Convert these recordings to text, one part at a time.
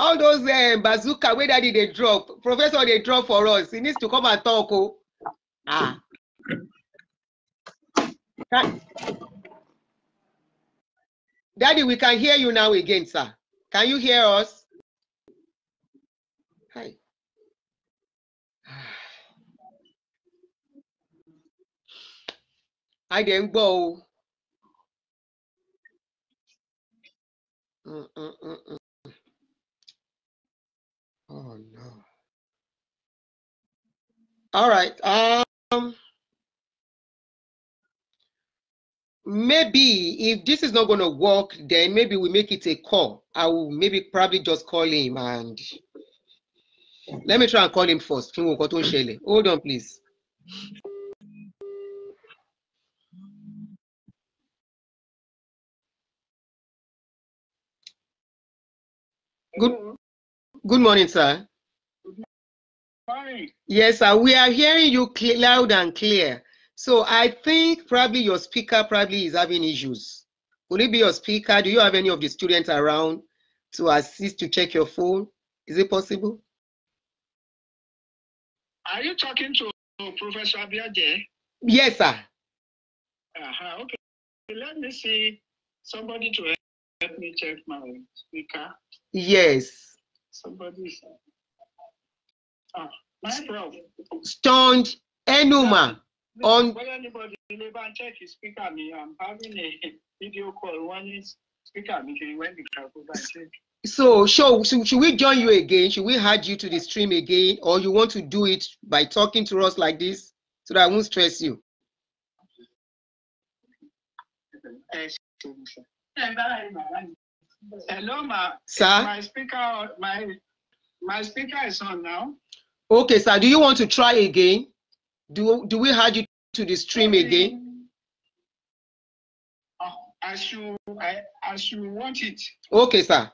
all those uh, bazooka wey daddy dey drop professor dey drop for us he needs to come and talk o ah daddy we can hear you now again sir can you hear us. Hi. I didn't go. Mm, mm, mm, mm. Oh no. All right. Um maybe if this is not gonna work, then maybe we make it a call. I will maybe probably just call him and let me try and call him first. Hold on, please. Good Good morning, sir. Good morning. Yes, sir. We are hearing you loud and clear. So I think probably your speaker probably is having issues. Could it be your speaker? Do you have any of the students around to assist to check your phone? Is it possible? Are you talking to Professor Abiyaje? Yes, sir. Uh-huh. Okay. Let me see somebody to help me check my speaker. Yes somebody's. Uh, ah, my prof. Stunned Enuma. On. anybody lè speaker I'm having a video call. One is speaker when the travel by check. So, should, should we join you again? Should we add you to the stream again? Or you want to do it by talking to us like this so that I won't stress you? Eh, eh, Hello, ma. Sir? My speaker, my, my speaker is on now. Okay, sir. Do you want to try again? Do, do we have you to the stream okay. again? Uh, as you, as you want it. Okay, sir.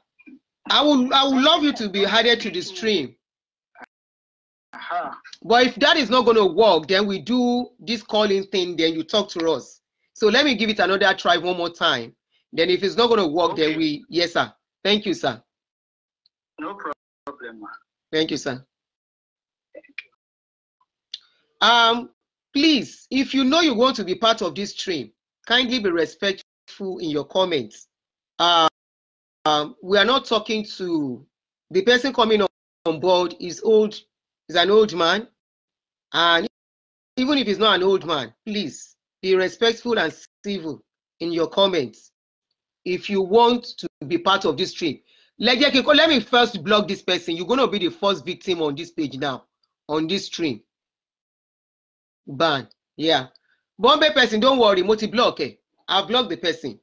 I would, I will love you to be added to the stream. Uh-huh. But if that is not going to work, then we do this calling thing, then you talk to us. So let me give it another try one more time. Then if it's not going to work, okay. then we, yes, sir. Thank you, sir. No problem. Thank you, sir. Um, please, if you know you want to be part of this stream, kindly be respectful in your comments. um, we are not talking to the person coming on, on board is old, is an old man, and even if he's not an old man, please be respectful and civil in your comments if you want to be part of this stream, Let, let me first block this person. You're going to be the first victim on this page now, on this stream. Ban. Yeah. Bombay person, don't worry. Multi block. Okay. I'll block the person.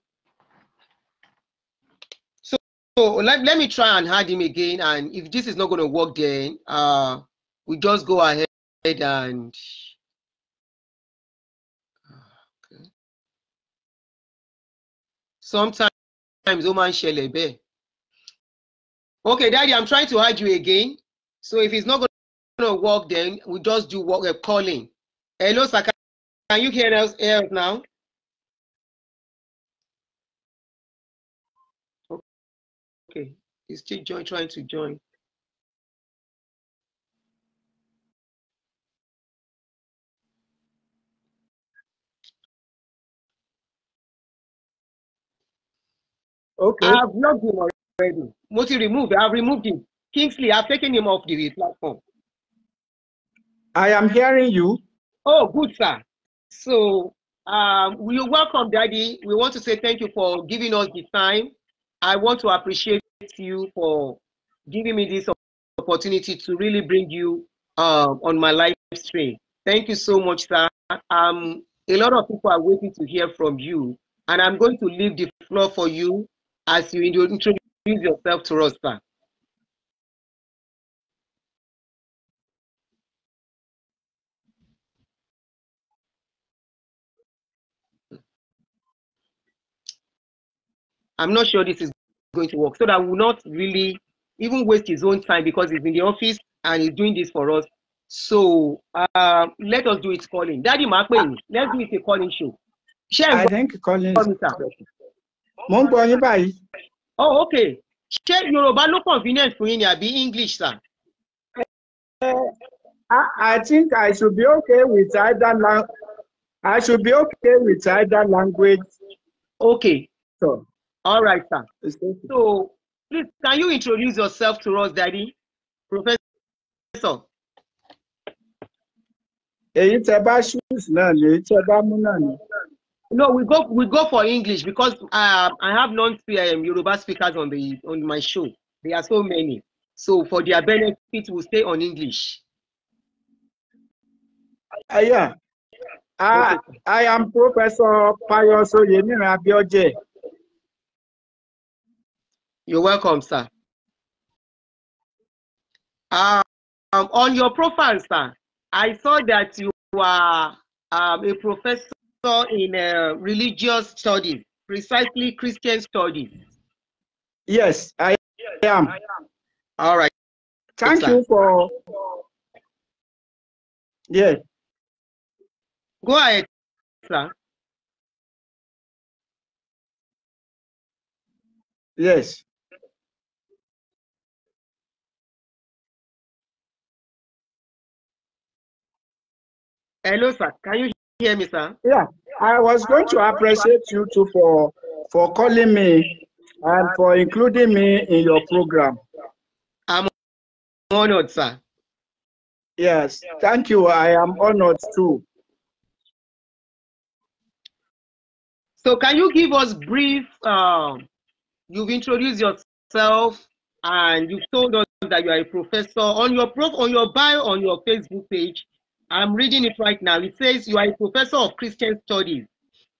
So, so let, let me try and add him again. And if this is not going to work, then uh, we just go ahead and. Sometimes times okay daddy i'm trying to hide you again so if it's not gonna work then we just do what we're uh, calling. hello sir can you hear us, hear us now. okay he's still join, trying to join. Okay. I've logged him already. Mo removed. I've removed him. Kingsley, I've taken him off the platform. I am hearing you. Oh, good, sir. So um, we welcome, Daddy. We want to say thank you for giving us the time. I want to appreciate you for giving me this opportunity to really bring you uh, on my live stream. Thank you so much, sir. Um, a lot of people are waiting to hear from you, and I'm going to leave the floor for you as you introduce yourself to us, sir. I'm not sure this is going to work. So that will not really even waste his own time because he's in the office and he's doing this for us. So uh, let us do it calling. Daddy Makwen, let's do it a calling show. Share I think calling. Call mo ń gbọ́ yín báyìí. oh ok ṣé yorùbá ló convenient fún yín ni àbí english sir. Eh, I, I think I should be okay with either language. I should be okay with either language. Okay. So, all right, sir. So, please, can you introduce yourself to us, Daddy? Professor. Èyí tẹ bá ṣúùsì náà ni, èyí tẹ bá mú náà ni. No, we go we go for English because uh, I have non um, Yoruba speakers on the on my show. There are so many. So for their benefit, we'll stay on English. Uh, yeah. I, ah, I am Professor Pius Oyemira Abioje. You're welcome, sir. um, on your profile, sir, I saw that you are um, a professor saw in uh, religious study, precisely Christian study. Yes, I, yes, am. I am. All right. Thank you for. Yes. Go ahead, sir. Yes. Hello, sir. Can you hear me, sir? Yeah, I was going to appreciate you too for for calling me and for including me in your program. I'm honored, sir. Yes, thank you. I am honored too. So, can you give us brief? Um, you've introduced yourself and you've told us that you are a professor on your prof on your bio on your Facebook page I'm reading it right now. It says you are a professor of Christian studies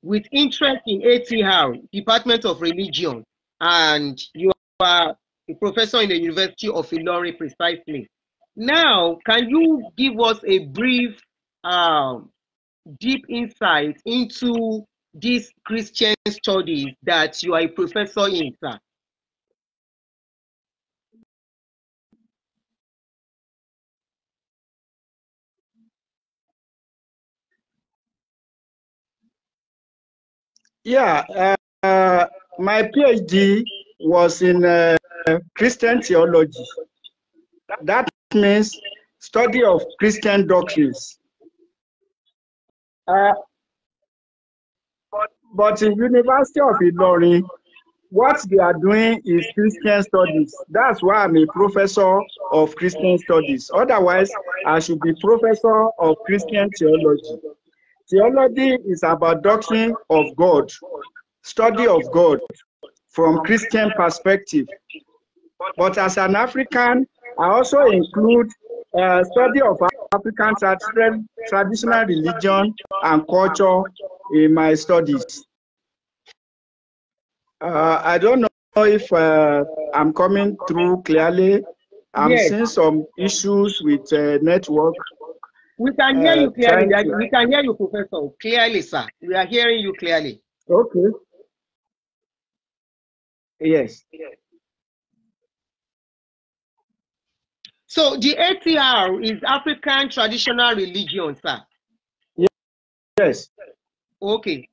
with interest in ATR, Department of Religion, and you are a professor in the University of Illinois, precisely. Now, can you give us a brief, um, deep insight into this Christian studies that you are a professor in, sir? Yeah, uh, my PhD was in uh, Christian theology. That means study of Christian doctrines. Uh, but, but in University of Ilorin, what they are doing is Christian studies. That's why I'm a professor of Christian studies. Otherwise, I should be professor of Christian theology. Theology is about doctrine of God, study of God from Christian perspective. But as an African, I also include a uh, study of African traditional religion and culture in my studies. Uh, I don't know if uh, I'm coming through clearly. I'm yes. seeing some issues with uh, network. We can uh, hear uh, you clearly. You. We can hear you, Professor. Clearly, sir. We are hearing you clearly. Okay. Yes. So the ATR is African traditional religion, sir. Yes. Okay.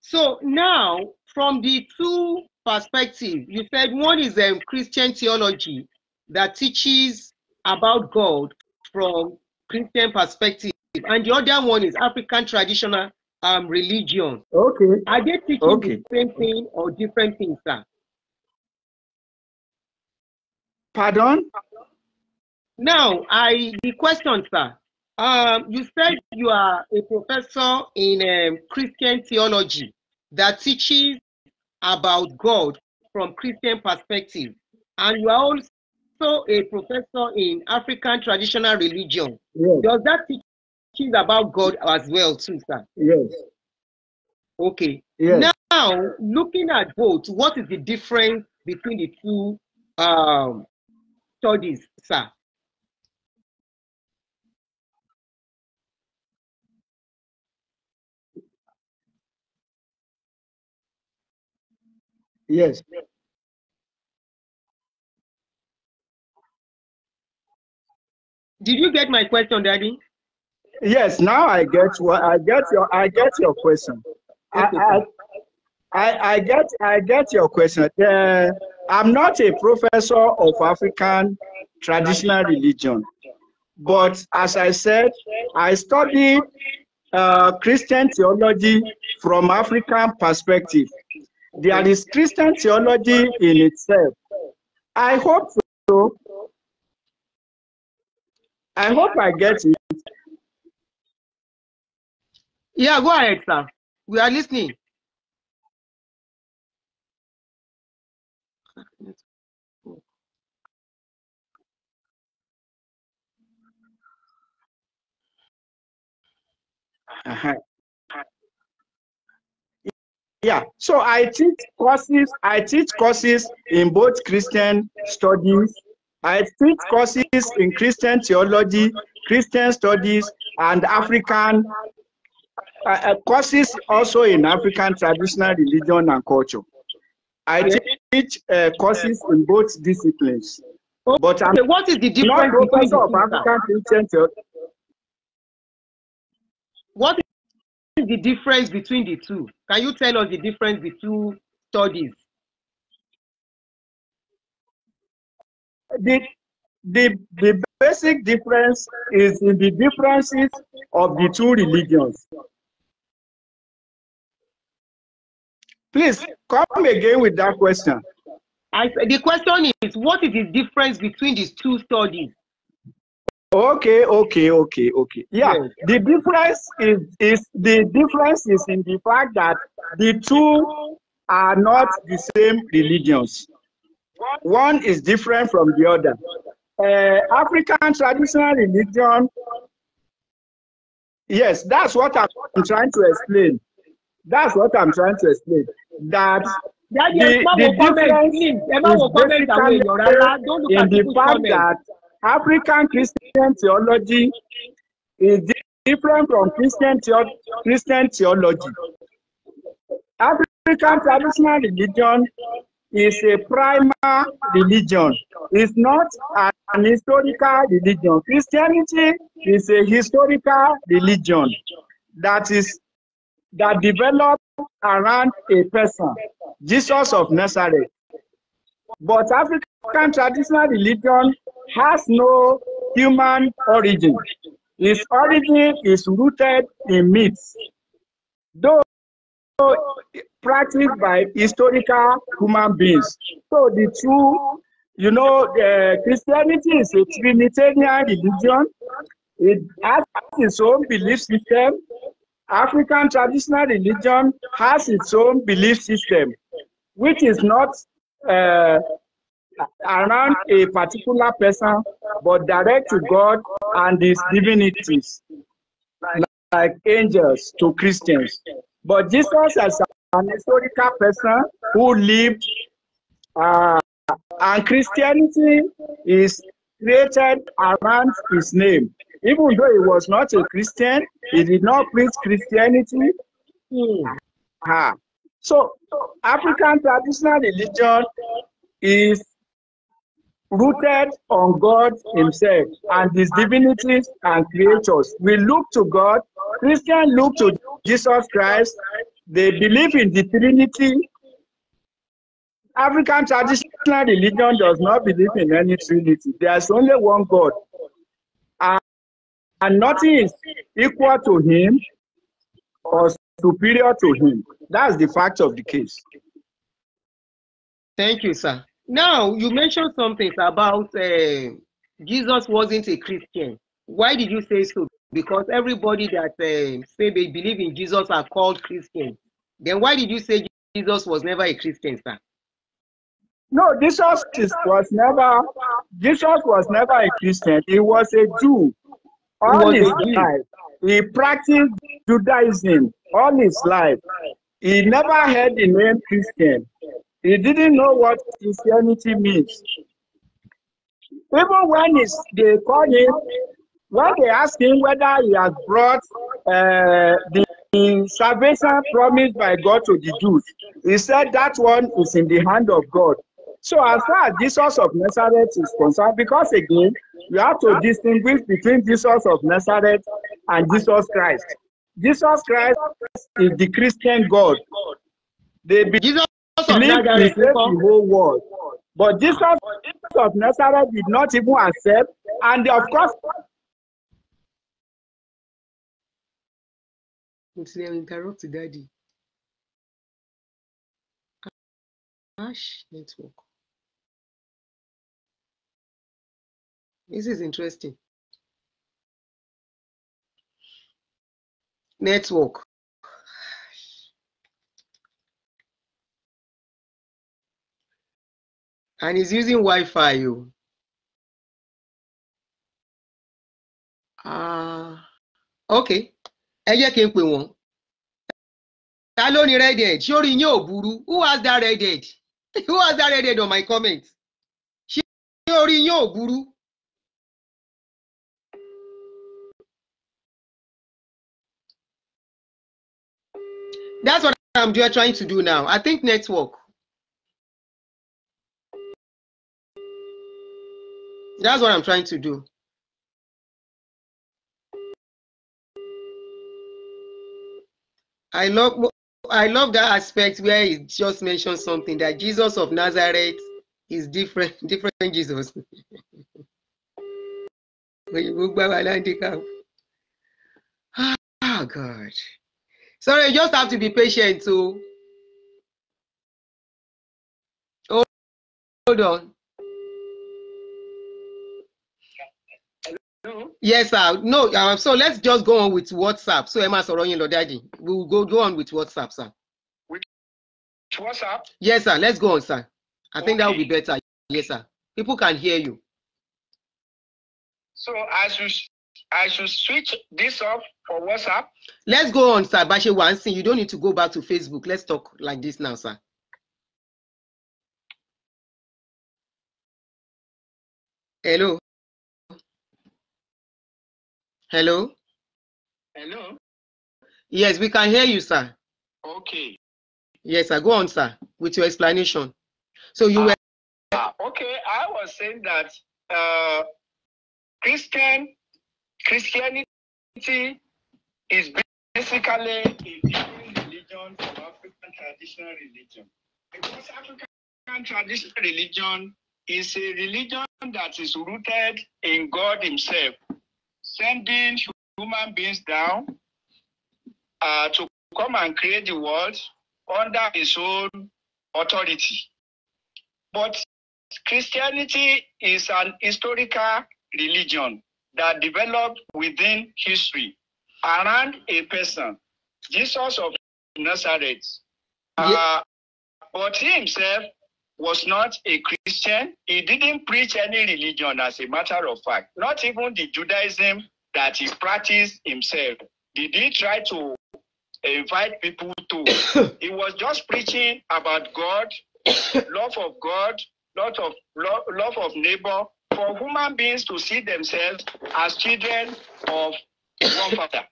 So now, from the two perspectives, you said one is um, Christian theology that teaches about God from Christian perspective, and the other one is African traditional um, religion. Okay. Are they teaching okay. the same thing or different things, sir? Pardon? Now, I the question, sir. Um, you said you are a professor in um, Christian theology that teaches about God from Christian perspective, and you are also also a professor in African traditional religion. Yes. Does that teach about God as well, too, sir? Yes. Okay. Yes. Now, looking at both, what is the difference between the two um, studies, sir? yes. Did you get my question, Daddy? Yes, now I get what I get your I get your question. Okay. I, I, I get I get your question. Uh, I'm not a professor of African traditional religion, but as I said, I studied uh, Christian theology from African perspective. There is Christian theology in itself. I hope so I hope I get it. Yeah, go ahead, sir. We are listening. Uh-huh. Yeah, so I teach courses. I teach courses in both Christian studies I teach courses in Christian theology, Christian studies, and African uh, uh, courses also in African traditional religion and culture. I teach uh, courses in both disciplines. But I'm what is the difference between of African Christian theology. What is the difference between the two? Can you tell us the difference between studies? The, the, the basic difference is in the differences of the two religions. Please come again with that question. I, the question is, what is the difference between these two studies? Okay, okay, okay, okay. Yeah, the difference is, is the difference is in the fact that the two are not the same religions. One is different from the other. Uh, African traditional religion. Yes, that's what I'm trying to explain. That's what I'm trying to explain. That the, the difference is basically in the fact that African Christian theology is different from Christian, Christian theology. African traditional religion is a primal religion. It's not an historical religion. Christianity is a historical religion that is that developed around a person, Jesus of Nazareth. But African traditional religion has no human origin. Its origin is rooted in myths. Though so practiced by historical human beings. So the true, you know, the Christianity is a Trinitarian religion. It has its own belief system. African traditional religion has its own belief system, which is not uh, around a particular person, but direct to God and his divinities, like angels to Christians. But Jesus as an historical person who lived, uh, and Christianity is created around his name. Even though he was not a Christian, he did not preach Christianity. Uh, so African traditional religion is rooted on God himself and his divinities and creatures. We look to God Christians look to Jesus Christ, they believe in the Trinity. African traditional religion does not believe in any Trinity. There's only one God. And, and nothing is equal to him or superior to him. That's the fact of the case. Thank you, sir. Now, you mentioned something about uh, Jesus wasn't a Christian. Why did you say so? because everybody that um, say they believe in Jesus are called Christians. Then why did you say Jesus was never a Christian, sir? No, Jesus was never Jesus was never a Christian. He was a Jew. All his Jew. life, he practiced Judaism all his life. He never heard the name Christian. He didn't know what Christianity means. Even when they call him when they asked him whether he has brought uh, the salvation promised by God to the Jews, he said that one is in the hand of God. So as far as Jesus of Nazareth is concerned, because again, you have to distinguish between Jesus of Nazareth and Jesus Christ. Jesus Christ is the Christian God. They believe the whole world. But Jesus of Nazareth did not even accept, and of course, until I interrupt daddy. Ash network. This is interesting. Network. And he's using Wi-Fi. You. Uh, ah, okay. ẹ jẹ́ kí n pè wọ́n. ta ló ní redhead ṣé orí yín ò burú who has that redhead who has that redhead on my comment ṣé orí yín ò burú. That's what I'm trying to do now. I think network. That's what I'm trying to do. I love I love that aspect where it just mentions something that Jesus of Nazareth is different, different than Jesus. when you book by Oh God. Sorry, you just have to be patient too. Hold on. Yes, sir. No, uh, so let's just go on with WhatsApp. So, Emma máa sọ̀rọ̀ We will go, go on with WhatsApp, sir. With WhatsApp? Yes, sir. Let's go on, sir. I okay. think that will be better. Yes, sir. People can hear you. So, I should, I should switch this off for WhatsApp? Let's go on, sir. Bashe Wansin, you don't need to go back to Facebook. Let's talk like this now, sir. Hello. Hello? Hello? Yes, we can hear you, sir. Okay. Yes, sir. Go on, sir, with your explanation. So you uh, were. Ah, ah, okay, I was saying that uh, Christian Christianity is basically a different religion from African traditional religion. Because African traditional religion is a religion that is rooted in God Himself sending human beings down uh, to come and create the world under his own authority. But Christianity is an historical religion that developed within history around a person, Jesus of Nazareth. Yeah. Uh, but he himself was not a Christian. He didn't preach any religion, as a matter of fact, not even the Judaism that he practiced himself. Did he try to invite people to? he was just preaching about God, love of God, love of love, love of neighbor, for human beings to see themselves as children of one father,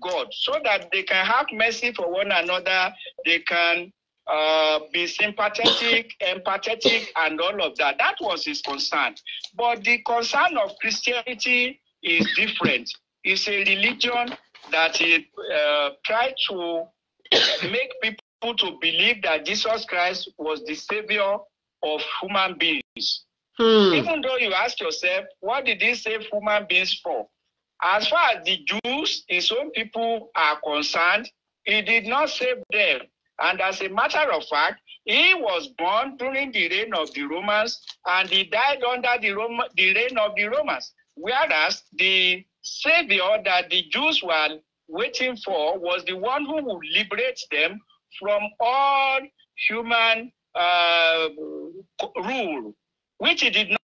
God, so that they can have mercy for one another, they can Uh, be sympathetic, empathetic, and all of that. That was his concern. But the concern of Christianity is different. It's a religion that it uh, tried to make people to believe that Jesus Christ was the savior of human beings. Hmm. Even though you ask yourself, what did he save human beings for? As far as the Jews, his own people are concerned, he did not save them And as a matter of fact, he was born during the reign of the Romans and he died under the, Roma, the reign of the Romans. Whereas the savior that the Jews were waiting for was the one who would liberate them from all human uh, rule, which he did not,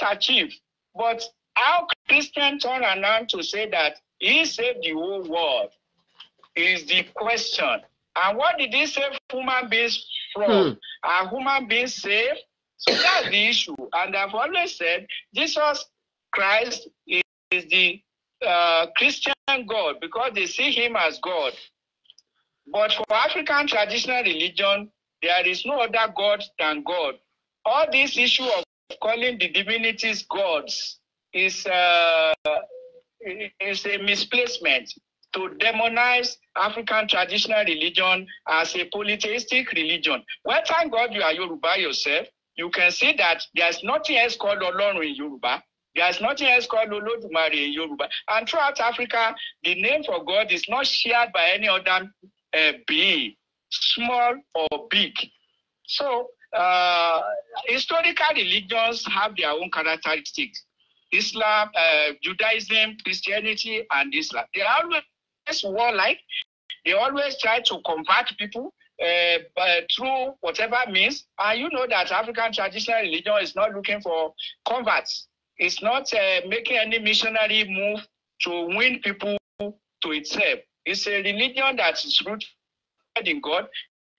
not achieve. But how Christian turn around to say that he saved the whole world is the question. And what did he save human beings from? Hmm. human beings saved? So that's the issue. And I've always said Jesus Christ is, is the uh, Christian God because they see him as God. But for African traditional religion, there is no other God than God. All this issue of calling the divinities gods is, uh, is a misplacement to demonize African traditional religion as a polytheistic religion. Well, thank God you are Yoruba yourself. You can see that there's nothing else called Olorun in Yoruba. There's nothing else called Olodumare in Yoruba. And throughout Africa, the name for God is not shared by any other uh, being, small or big. So, uh, historical religions have their own characteristics. Islam, uh, Judaism, Christianity, and Islam. They always warlike. They always try to convert people uh, uh, through whatever means. And you know that African traditional religion is not looking for converts. It's not uh, making any missionary move to win people to itself. It's a religion that is rooted in God.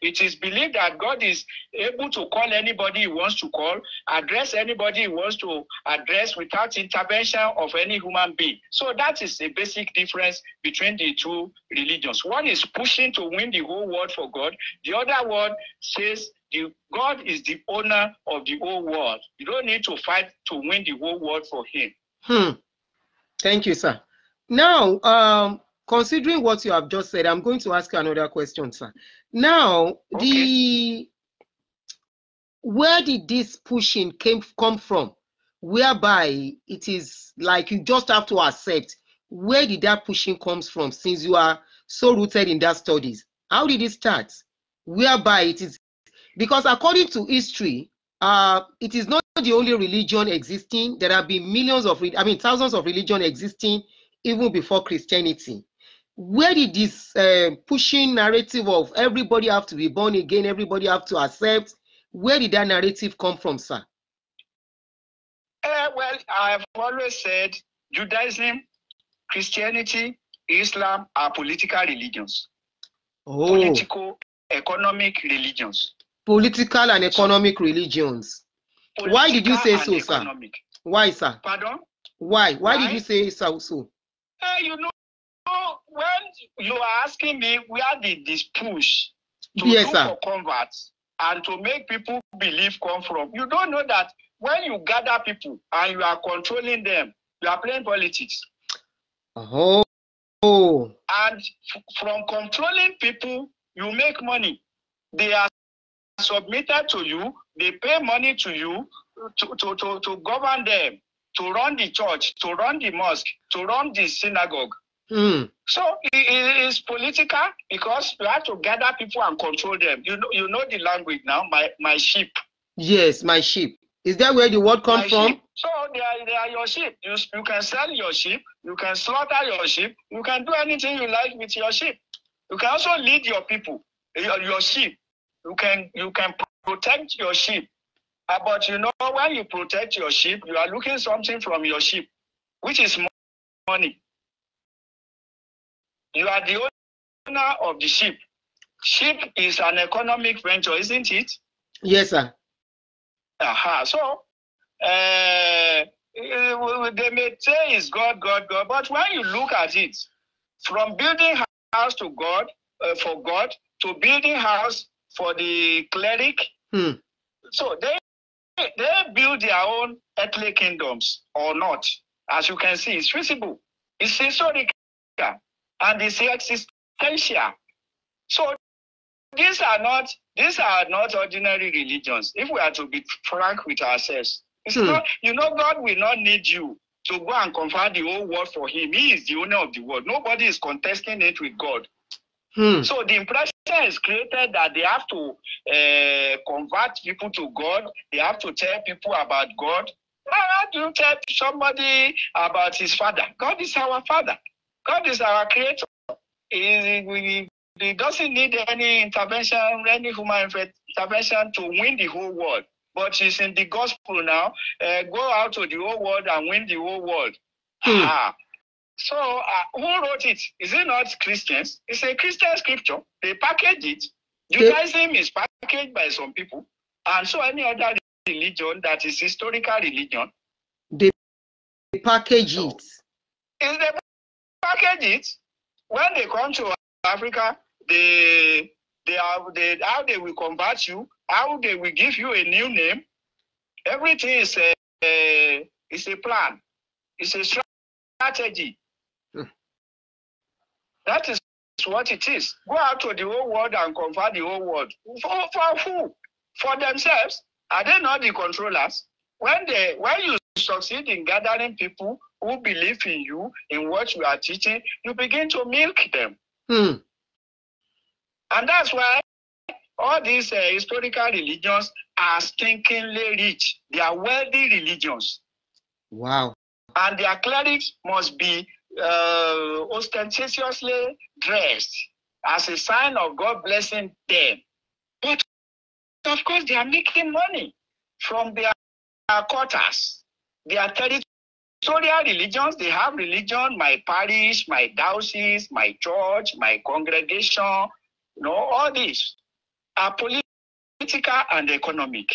It is believed that God is able to call anybody he wants to call, address anybody he wants to address without intervention of any human being. So that is the basic difference between the two religions. One is pushing to win the whole world for God, the other one says the, God is the owner of the whole world. You don't need to fight to win the whole world for Him. Hmm. Thank you, sir. Now, um, considering what you have just said, I'm going to ask you another question, sir. Now, okay. the where did this pushing came come from? Whereby it is like you just have to accept where did that pushing comes from since you are so rooted in that studies. How did it start? Whereby it is because according to history, uh, it is not the only religion existing. There have been millions of, I mean, thousands of religion existing even before Christianity where did this uh, pushing narrative of everybody have to be born again, everybody have to accept, where did that narrative come from, sir? Uh, well, I've always said Judaism, Christianity, Islam are political religions. Oh. Political, economic religions. Political and economic so, religions. Why did you say so, economic. sir? Why, sir? Pardon? Why? Why, Why? did you say so? so? Uh, eh, you know, when you are asking me where did this push to yes, sir. for converts and to make people believe come from, you don't know that when you gather people and you are controlling them, you are playing politics. Oh. oh. And from controlling people, you make money. They are submitted to you, they pay money to you to, to, to, to govern them, to run the church, to run the mosque, to run the synagogue. Mm. So it, is political because you have to gather people and control them. You know, you know the language now. My my sheep. Yes, my sheep. Is that where the word comes from? So they are, they are your sheep. You, you can sell your sheep. You can slaughter your sheep. You can do anything you like with your sheep. You can also lead your people, your, your sheep. You can you can protect your sheep. Uh, but you know when you protect your sheep, you are looking something from your sheep, which is money. You are the owner of the ship. Ship is an economic venture, isn't it? Yes, sir. Aha. Uh-huh. So uh, they may say it's God, God, God, but when you look at it, from building house to God uh, for God to building house for the cleric, hmm. so they they build their own earthly kingdoms or not. As you can see, it's visible. It's historical and the sex is So these are not these are not ordinary religions. If we are to be frank with ourselves, it's hmm. not, you know, God will not need you to go and convert the whole world for Him. He is the owner of the world. Nobody is contesting it with God. Hmm. So the impression is created that they have to uh, convert people to God. They have to tell people about God. How do you tell somebody about his father? God is our father. God is our creator. He, he, he doesn't need any intervention, any human intervention to win the whole world. But it's in the gospel now. Uh, go out to the whole world and win the whole world. Hmm. Ah. So, uh, who wrote it? Is it not Christians? It's a Christian scripture. They package it. Judaism is packaged by some people, and so any other religion that is historical religion. They package it. Is the package it when they come to Africa, they they have they how they will convert you, how they will give you a new name. Everything is a, a is a plan, it's a strategy. Hmm. That is what it is. Go out to the whole world and convert the whole world. For for who? For themselves? Are they not the controllers? When they when you succeed in gathering people who believe in you, in what you are teaching, you begin to milk them. Hmm. And that's why all these uh, historical religions are stinkingly rich. They are wealthy religions. Wow. And their clerics must be uh, ostentatiously dressed as a sign of God blessing them. But of course, they are making money from their quarters, their territory Soria religions, they have religion, my parish, my diocese, my church, my congregation, you know, all these are political and economic.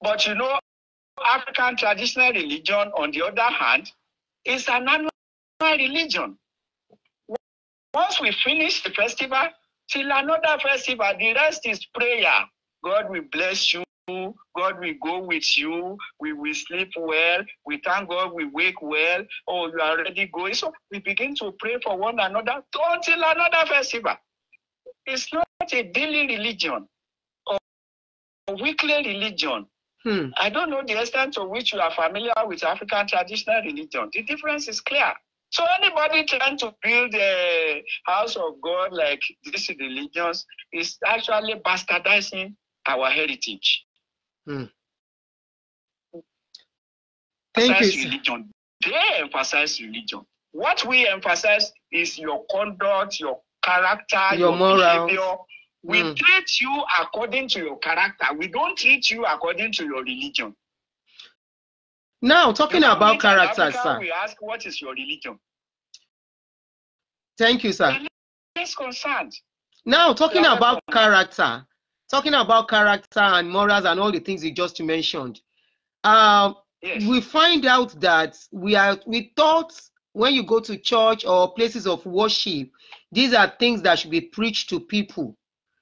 But you know, African traditional religion, on the other hand, is an annual religion. Once we finish the festival, till another festival, the rest is prayer. God will bless you. God will go with you. We will sleep well. We thank God we wake well. Oh, you are already going. So we begin to pray for one another until another festival. It's not a daily religion or weekly religion. Hmm. I don't know the extent to which you are familiar with African traditional religion. The difference is clear. So anybody trying to build a house of God like these religions is actually bastardizing our heritage. Mm. Thank emphasize you. Religion. They emphasize religion. What we emphasize is your conduct, your character, your, your moral. behavior. We mm. treat you according to your character. We don't treat you according to your religion. Now, talking you about character, Africa, sir. We ask, what is your religion? Thank you, sir. Less concerned. Now, talking about character, talking about character and morals and all the things you just mentioned, uh, yes. we find out that we are we thought when you go to church or places of worship, these are things that should be preached to people,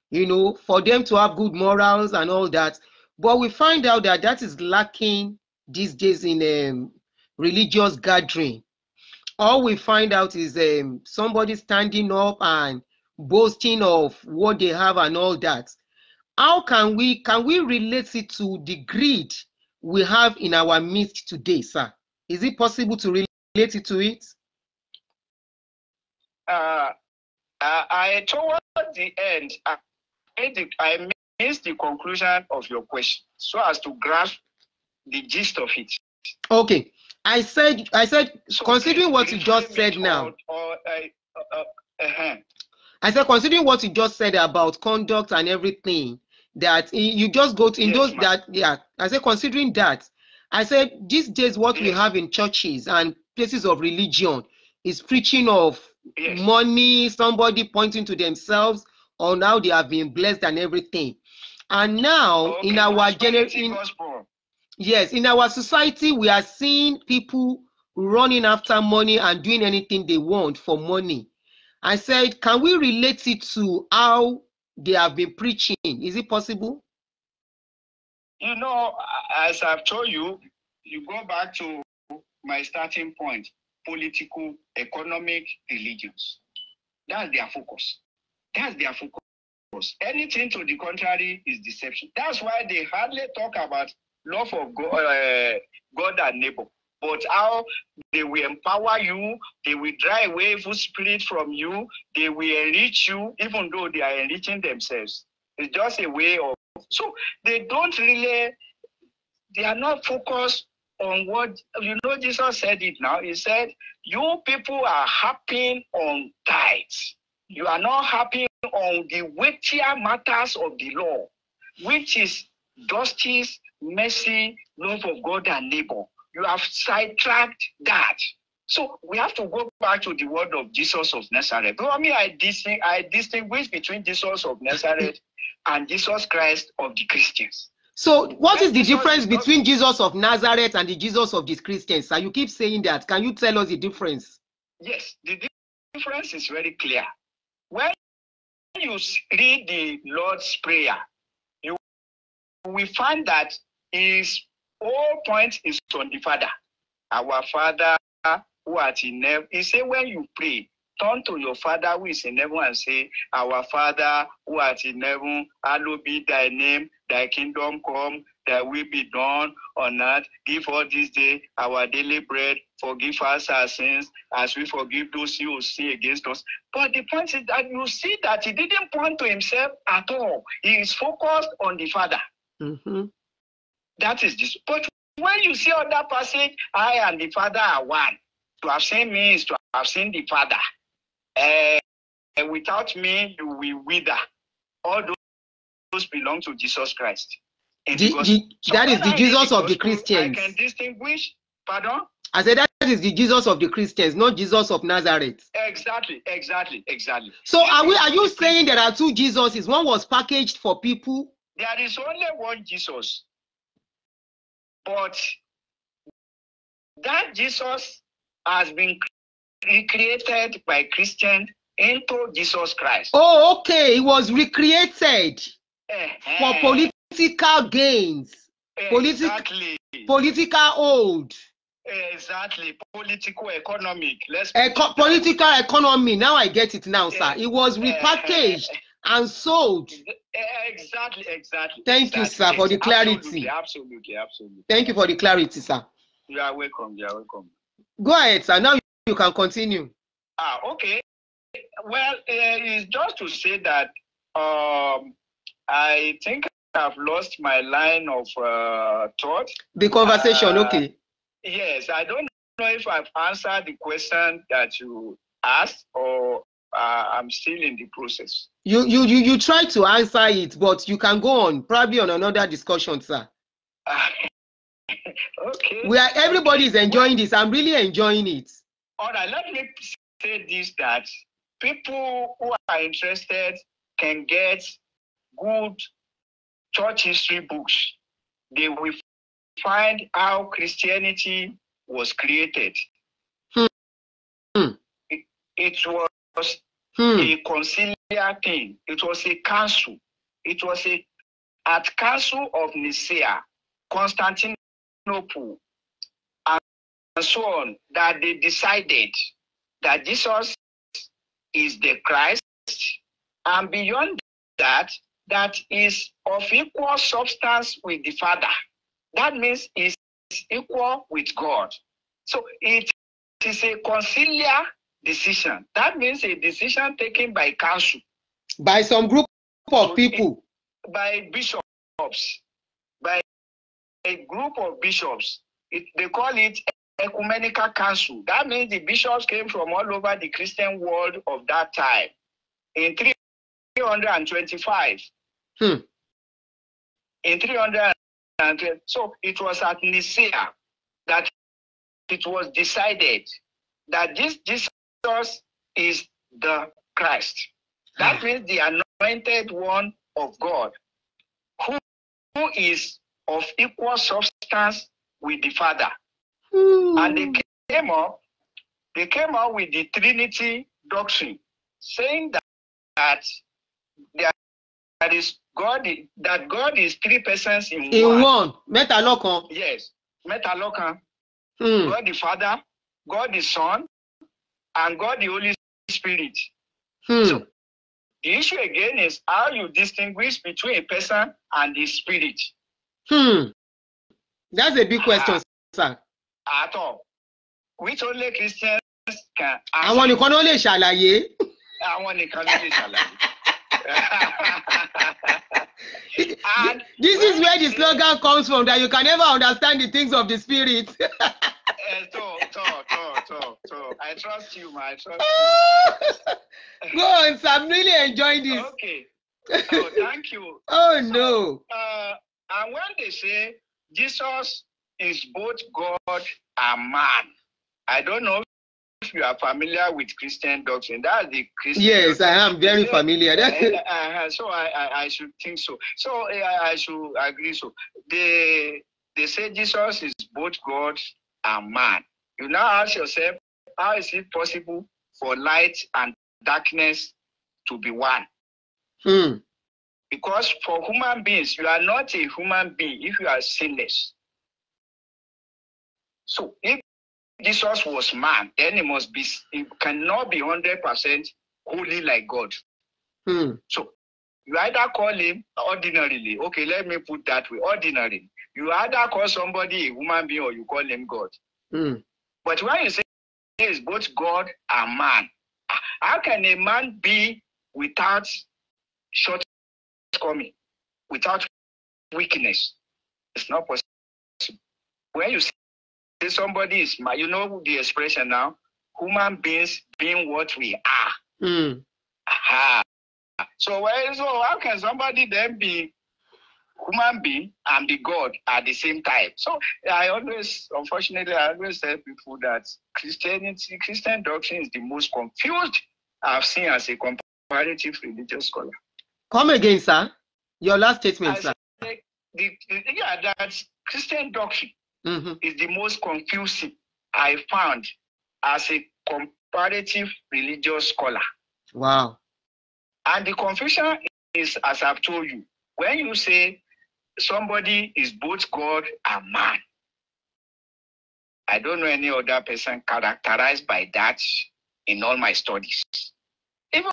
you know, for them to have good morals and all that. But we find out that that is lacking these days in um, religious gathering. All we find out is um, somebody standing up and boasting of what they have and all that. How can we can we relate it to the greed we have in our midst today, sir? Is it possible to relate it to it? Uh, I, I towards the end, I, I missed the conclusion of your question, so as to grasp the gist of it. Okay, I said, I said, so considering what you just said now, or, uh, uh, uh, -huh. I said, considering what you just said about conduct and everything, that you just go to, in yes, those that yeah i say considering that i said these days what yes. we have in churches and places of religion is preaching of yes. money somebody pointing to themselves or now they have been blessed and everything and now okay, in our generation yes in our society we are seeing people running after money and doing anything they want for money i said can we relate it to how they have been preaching. Is it possible? You know, as I've told you, you go back to my starting point political, economic, religions. That's their focus. That's their focus. Anything to the contrary is deception. That's why they hardly talk about love of God, uh, God and neighbor. but how they will empower you, they will drive away evil spirit from you, they will enrich you, even though they are enriching themselves. It's just a way of so they don't really they are not focused on what you know Jesus said it now. He said, You people are happy on tithes. You are not happy on the weightier matters of the law, which is justice, mercy, love of God and neighbor. You have sidetracked that. So we have to go back to the word of Jesus of Nazareth. But I mean, I, disting I distinguish between Jesus of Nazareth and Jesus Christ of the Christians. So, what is the difference between Jesus of Nazareth and the Jesus of the Christians? And you keep saying that. Can you tell us the difference? Yes, the difference is very clear. When you read the Lord's Prayer, you will find that is whole point is on the Father. Our Father who art in heaven. He said, when you pray, turn to your Father who is in heaven and say, Our Father who art in heaven, hallowed be thy name, thy kingdom come, thy will be done on earth. Give us this day our daily bread. Forgive us our sins as we forgive those who sin against us. But the point is that you see that he didn't point to himself at all. He is focused on the Father. Mm-hmm. That is this. But when you see other passage, I and the Father are one. To have seen me is to have seen the Father. Uh, eh, and without me, you will wither. All those belong to Jesus Christ. The, the, so that is the I Jesus of the Christians. I can distinguish. Pardon? I said that is the Jesus of the Christians, not Jesus of Nazareth. Exactly, exactly, exactly. So are we? Are you saying there are two Jesuses? One was packaged for people. There is only one Jesus. But that Jesus has been recreated by Christians into Jesus Christ. Oh, okay. He was recreated uh-huh. for political gains. Eh, exactly. Politi political old. Eh, exactly. Political economic. Let's Eco political economy. Now I get it now, sir. It eh, was repackaged uh-huh. and sold Eh, eh, exactly, exactly. Thank exactly. you, sir, for the clarity. Absolutely, absolutely, absolutely. Thank you for the clarity, sir. You are welcome. You are welcome. Go ahead, sir. Now you can continue. Ah, okay. Well, uh, it's just to say that um, I think I've lost my line of uh, thought. The conversation, uh, okay. Yes, I don't know if I've answered the question that you asked or I'm still in the process. You you you you try to answer it, but you can go on probably on another discussion, sir. okay. We are everybody is enjoying this. I'm really enjoying it. All right, let me say this that people who are interested can get good church history books. They will find how Christianity was created. Hmm. hmm. It, it was hmm. a conciliar thing. It was a council. It was a at Council of Nicaea, Constantinople, and so on, that they decided that Jesus is the Christ, and beyond that, that is of equal substance with the Father. That means is equal with God. So it is a conciliar decision. That means a decision taken by council. By some group of people. By bishops. By a group of bishops. It, they call it ecumenical council. That means the bishops came from all over the Christian world of that time. In 325. Hmm. In 320. So it was at Nicaea that it was decided that this, this Jesus is the Christ. That ah. means the anointed one of God, who, who is of equal substance with the Father. Ooh. Hmm. And they came up, they came up with the Trinity doctrine, saying that, that that is God that God is three persons in, in one. one. Mẹ́ta Yes, mẹ́ta lọ́kan. Mm. God the Father, God the Son, and God the Holy Spirit. Hmm. So the issue again is how you distinguish between a person and the spirit. Hmm. That's a big question, uh, sir. At all. Which only Christians can answer. Àwọn nìkan ló lè ṣàlàyé. Àwọn nìkan ló only ṣàlàyé. and this is where the slogan comes from that you can never understand the things of the spirit. uh, so, so, so. So I trust you, man. I trust you. Go on, I'm really enjoying this. Okay. Oh, thank you. Oh, so, no. Uh, and when they say Jesus is both God and man, I don't know if you are familiar with Christian doctrine. That's the Christian. Yes, doctrine. I am very familiar. uh, so I, I, I, should think so. So eh, I I should agree. So they they say Jesus is both God and man. You now ask yourself, how is it possible for light and darkness to be one? Hmm. Because for human beings, you are not a human being if you are sinless. So if Jesus was man, then he must be he cannot be hundred percent holy like God. Hmm. So you either call him ordinarily. Okay, let me put that way. Ordinary. You either call somebody a human being or you call him God. Hmm. But when you say he is both God and man, how can a man be without shortcoming, without weakness? It's not possible. When you say somebody is, you know the expression now, human beings being what we are. Mm. Aha. So, well, so how can somebody then be human being and the God at the same time. So I always, unfortunately, I always tell people that Christianity, Christian doctrine is the most confused I've seen as a comparative religious scholar. Come again, sir. Your last statement, As sir. The, the, yeah, that Christian doctrine mm-hmm. is the most confusing I found as a comparative religious scholar. Wow. And the confusion is, as I've told you, when you say somebody is both God and man. I don't know any other person characterized by that in all my studies. Even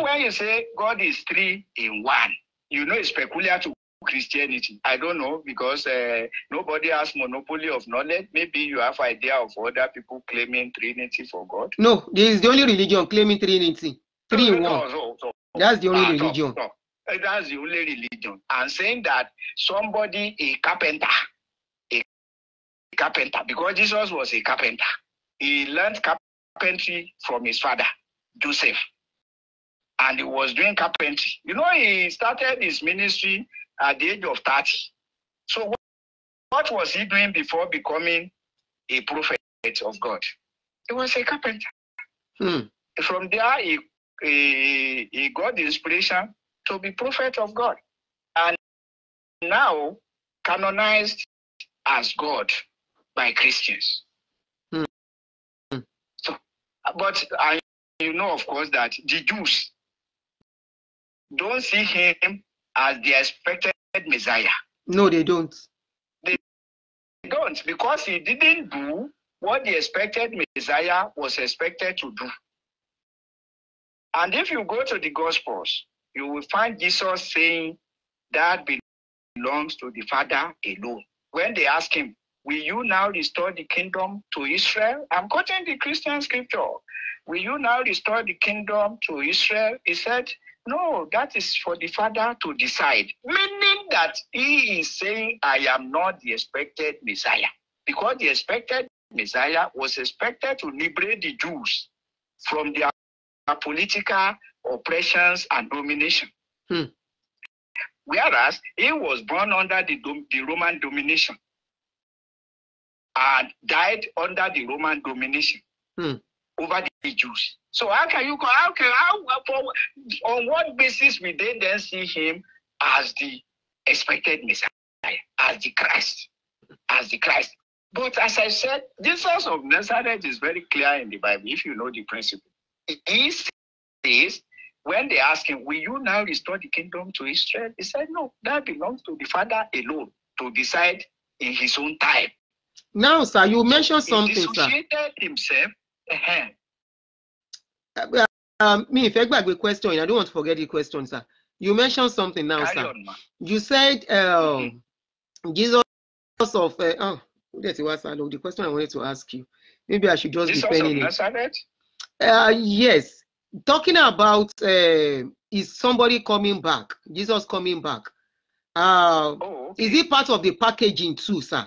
when you say God is three in one, you know it's peculiar to Christianity. I don't know because uh, nobody has monopoly of knowledge. Maybe you have idea of other people claiming Trinity for God. No, this is the only religion claiming Trinity. Three in one. That's the only ah, religion. that's the only religion. And saying that somebody, a carpenter, a carpenter, because Jesus was a carpenter, he learned carpentry from his father, Joseph. And he was doing carpentry. You know, he started his ministry at the age of 30. So, what was he doing before becoming a prophet of God? He was a carpenter. Hmm. From there, he, he, he got the inspiration to be prophet of God and now canonized as God by Christians. Hmm. So, but I, you know, of course, that the Jews don't see him as the expected Messiah. No, they don't. They don't because he didn't do what the expected Messiah was expected to do. And if you go to the Gospels, you will find Jesus saying that belongs to the Father alone. When they ask him, Will you now restore the kingdom to Israel? I'm quoting the Christian scripture. Will you now restore the kingdom to Israel? He said, No, that is for the Father to decide. Meaning that he is saying, I am not the expected Messiah. Because the expected Messiah was expected to liberate the Jews from their political oppressions and domination. Hmm. Whereas he was born under the, the Roman domination and died under the Roman domination hmm. over the Jews. So how can you how can how for, on what basis we they then see him as the expected Messiah, as the Christ, as the Christ? But as I said, Jesus of Nazareth is very clear in the Bible if you know the principle. He says when they asked him, Will you now restore the kingdom to Israel? He said, No, that belongs to the Father alone to decide in his own time. Now, sir, you mentioned so something, dissociated sir. himself. Uh-huh. Uh, um, me, if I a question, I don't want to forget the question, sir. You mentioned something now, Carry sir. On, you said um, mm-hmm. Jesus of uh, oh, that's was the question I wanted to ask you. Maybe I should just Jesus be penning it. Uh, yes, talking about uh, is somebody coming back, Jesus coming back. Uh, oh. Is it part of the packaging too, sir?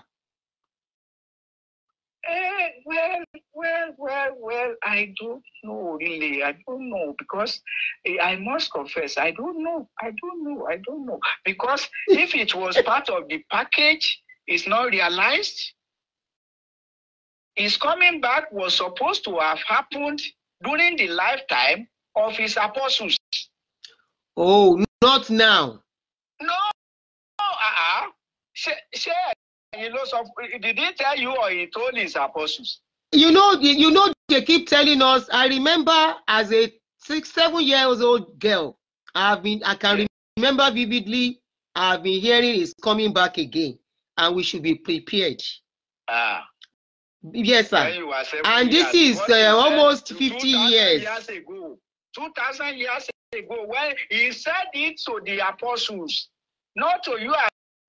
Uh, well, well, well, well, I don't know really. I don't know because eh, I must confess, I don't know. I don't know. I don't know. Because if it was part of the package, it's not realized. His coming back was supposed to have happened during the lifetime of his apostles. Oh, not now. No, uh-uh. Ṣé ṣé ẹ̀yin ló did he tell you or he told his apostles? You know, you know they keep telling us. I remember as a six, seven years old girl, I've been I can remember vividly. I've been hearing is coming back again, and we should be prepared. Ah. Yes, sir. And this is uh, almost 50 years. years ago. 2,000 years ago, when he said it to the apostles, not to you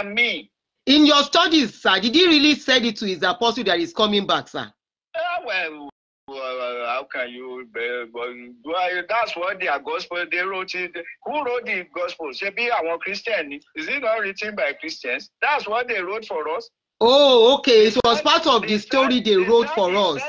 and me. In your studies, sir, did he really say it to his apostle that he's coming back, sir? Uh, well, well, how can you? Uh, that's what their gospel they wrote it. Who wrote the gospel? Ṣebí àwọn Christian. Is it not written by Christians? That's what they wrote for us. Oh, okay. It was part of the story they wrote for us.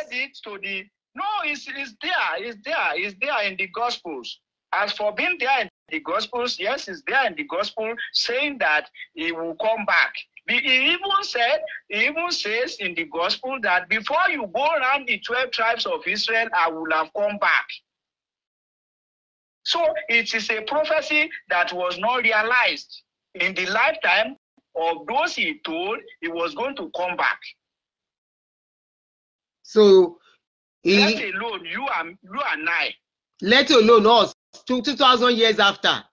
to the, no, it's, it's there. It's there. It's there in the Gospels. As for being there in the Gospels, yes, it's there in the Gospel saying that he will come back. He even said, he even says in the Gospel that before you go around the 12 tribes of Israel, I will have come back. So it is a prophecy that was not realized in the lifetime of those he told he was going to come back. So he, let alone you and you and I. Let alone us two thousand years after.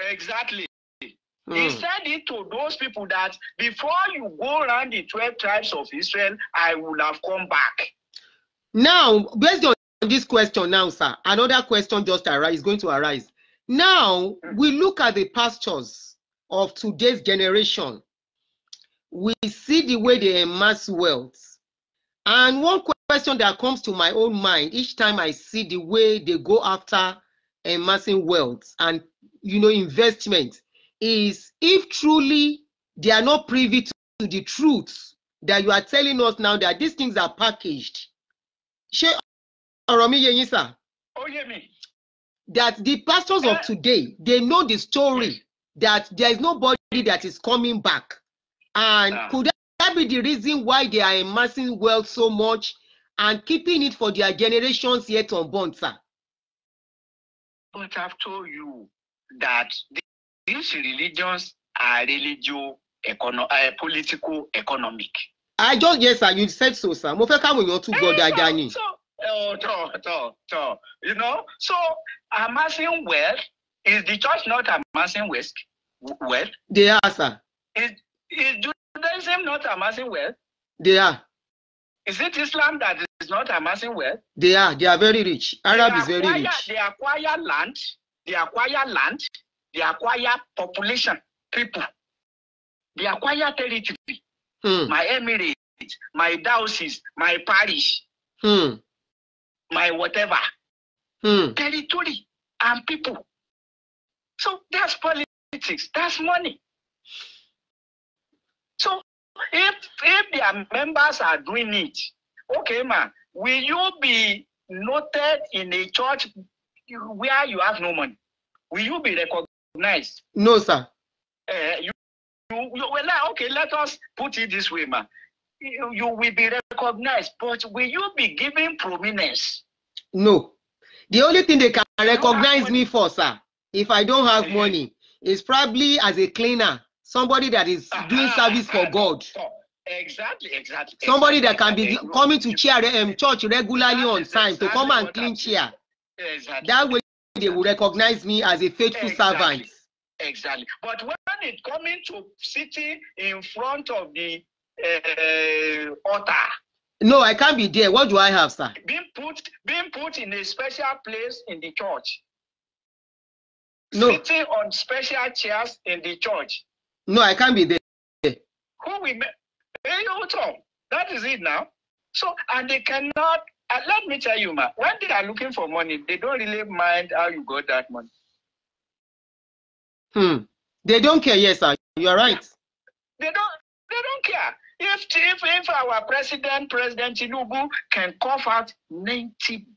Exactly. He hmm. said it to those people that before you go around the 12 tribes of Israel, I would have come back. Now, based on this question, now, sir, another question just arise, is going to arise. Now, hmm. we look at the pastors of today's generation. We see the way they amass wealth. And one question that comes to my own mind each time I see the way they go after amassing wealth and you know investment is if truly they are not privy to the truth that you are telling us now that these things are packaged. That the pastors of eh. today, they know the story that there is nobody that is coming back. And yeah. could that be the reason why they are amassing wealth so much and keeping it for their generations yet unborn, sir? But I've told you that these religions are religio econo uh, political economic. I just yes, sir. You said so, sir. Mo fẹ́ káwọn èèyàn two gbọ́ eh, dáadáa ni. So, so, so, so, you know, so amassing wealth Is the church not amassing wealth? Well, they are, sir. Is, is Judaism not amassing wealth? They are. Is it Islam that is not amassing wealth? They are. They are very rich. Arab acquire, is very rich. They acquire land. They acquire land. They acquire population, people. They acquire territory. Hmm. My emirate, my diocese, my parish, hmm. my whatever. Hmm. Territory and people. So that's politics. That's money. So if if their members are doing it, okay, man, will you be noted in a church where you have no money? Will you be recognized? No, sir. Uh, you, you, you, well, ah, okay, let us put it this way, man. You, you will be recognized, but will you be given prominence? No. The only thing they can recognize me for, sir, if I don't have money, it's probably as a cleaner, somebody that is ah, doing ah, service for ah, God. Exactly, exactly. Somebody that can be coming to chair um, church regularly on time to come and clean chair. Exactly. That way they will recognize me as a faithful servant. Exactly. But when it coming to sitting in front of the uh, altar, no, I can't be there. What do I have, sir? Being put, being put in a special place in the church no. sitting on special chairs in the church. No, I can't be there. Who we met? Hey, eh, Tom, that is it now. So, and they cannot, and uh, let me tell you, ma, when they are looking for money, they don't really mind how you got that money. Hmm. They don't care, yes, sir. You are right. They don't, they don't care. If, if, if our president, President Tinubu, can cough out 90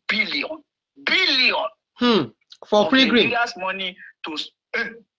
billion, billion, hmm. for free green. money 都是哎。